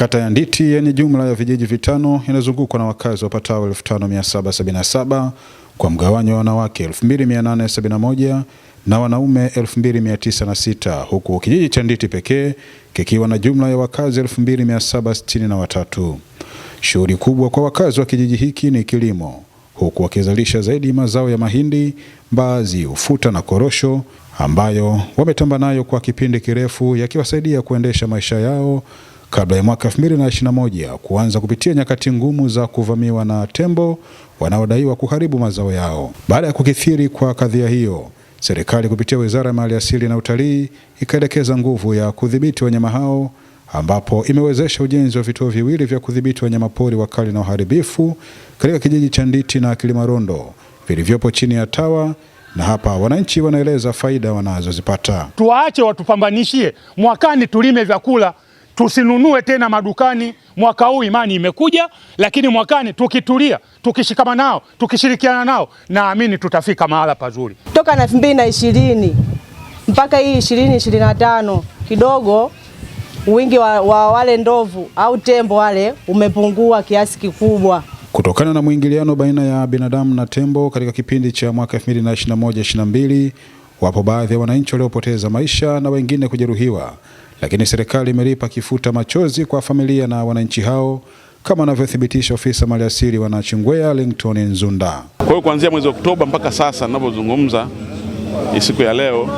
Kata ya Nditi yenye jumla ya vijiji vitano inazungukwa na wakazi wapatao 5777 kwa mgawanyo wa wanawake 2871 na wanaume 2906 huku kijiji cha Nditi pekee kikiwa na jumla ya wakazi 2763. Shughuli kubwa kwa wakazi wa kijiji hiki ni kilimo, huku wakizalisha zaidi mazao ya mahindi, mbaazi, ufuta na korosho ambayo wametamba nayo kwa kipindi kirefu, yakiwasaidia kuendesha maisha yao kabla ya mwaka 2021 kuanza kupitia nyakati ngumu za kuvamiwa na tembo wanaodaiwa kuharibu mazao yao. Baada ya kukithiri kwa kadhia hiyo, serikali kupitia Wizara ya Mali Asili na Utalii ikaelekeza nguvu ya kudhibiti wanyama hao ambapo imewezesha ujenzi wa vituo viwili vya kudhibiti wanyamapori wakali na waharibifu katika kijiji cha Nditi na Kilimarondo vilivyopo chini ya TAWA na hapa wananchi wanaeleza faida wanazozipata. Tuwaache watupambanishie, mwakani tulime vyakula tusinunue tena madukani. Mwaka huu imani imekuja, lakini mwakani tukitulia, tukishikama nao, tukishirikiana nao, naamini tutafika mahala pazuri. Toka na elfu mbili na ishirini mpaka hii ishirini ishirini na tano kidogo wingi wa, wa wale ndovu au tembo wale umepungua kiasi kikubwa kutokana na mwingiliano baina ya binadamu na tembo katika kipindi cha mwaka 2021-2022. Wapo baadhi ya wananchi waliopoteza maisha na wengine kujeruhiwa lakini serikali imelipa kifuta machozi kwa familia na wananchi hao kama anavyothibitisha ofisa maliasili wa Nachingwea Lington Nzunda. Kwa hiyo kuanzia mwezi Oktoba mpaka sasa ninavyozungumza siku ya leo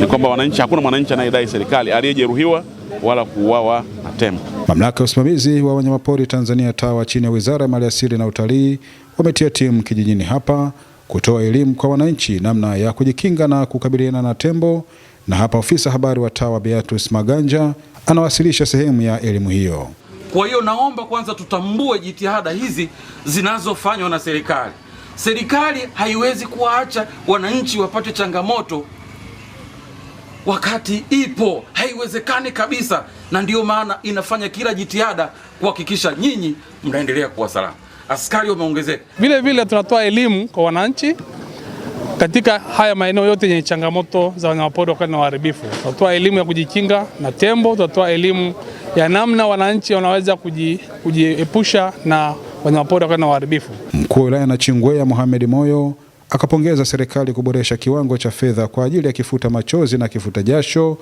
ni kwamba wananchi, hakuna mwananchi anayedai serikali aliyejeruhiwa wala kuuawa na tembo. Mamlaka ya usimamizi wa wanyamapori Tanzania TAWA chini ya Wizara ya Maliasili na Utalii wametia timu kijijini hapa kutoa elimu kwa wananchi namna ya kujikinga na kukabiliana na tembo na hapa ofisa habari wa TAWA Beatrice Maganja anawasilisha sehemu ya elimu hiyo. Kwa hiyo naomba kwanza tutambue jitihada hizi zinazofanywa na serikali. Serikali haiwezi kuwaacha wananchi wapate changamoto wakati ipo, haiwezekani kabisa, na ndiyo maana inafanya kila jitihada kuhakikisha nyinyi mnaendelea kuwa salama. Askari wameongezeka, vile vile tunatoa elimu kwa wananchi katika haya maeneo yote yenye changamoto za wanyamapori wakati na uharibifu. Tutatoa elimu ya kujikinga na tembo, tutatoa elimu ya namna wananchi wanaweza kujiepusha na wanyamapori wakati na uharibifu. Mkuu wa wilaya Nachingwea Mohamed Moyo akapongeza serikali kuboresha kiwango cha fedha kwa ajili ya kifuta machozi na kifuta jasho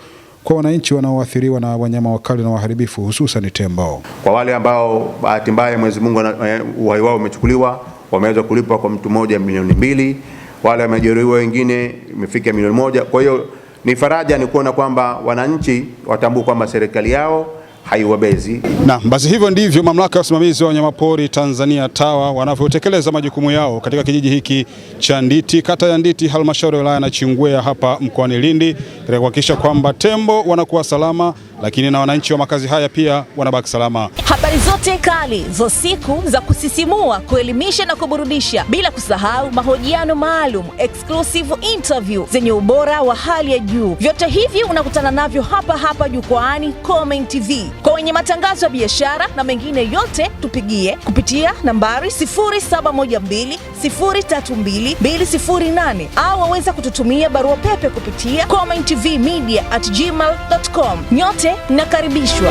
kwa wananchi wanaoathiriwa na wanyama wakali na waharibifu hususan tembo. Kwa wale ambao bahati mbaya Mwenyezi Mungu eh, uhai wao umechukuliwa, wameweza kulipwa kwa mtu mmoja milioni mbili wale wamejeruhiwa wengine imefika milioni moja. Kwa hiyo ni faraja ni kuona kwamba wananchi watambua kwamba serikali yao haiwabezi. Na basi hivyo ndivyo mamlaka ya usimamizi wa wanyamapori Tanzania TAWA wanavyotekeleza majukumu yao katika kijiji hiki cha Nditi, kata ya Nditi, halmashauri ya wilaya Nachingwea hapa mkoani Lindi, katika kuhakikisha kwamba tembo wanakuwa salama lakini na wananchi wa makazi haya pia wanabaki salama. Habari zote kali za siku za kusisimua, kuelimisha na kuburudisha, bila kusahau mahojiano maalum, exclusive interview zenye ubora wa hali ya juu, vyote hivi unakutana navyo hapa hapa jukwaani Khomein TV. Kwa wenye matangazo ya biashara na mengine yote, tupigie kupitia nambari 0712032208 au waweza kututumia barua pepe kupitia khomeintvmedia@gmail.com. Nyote Nje na karibishwa.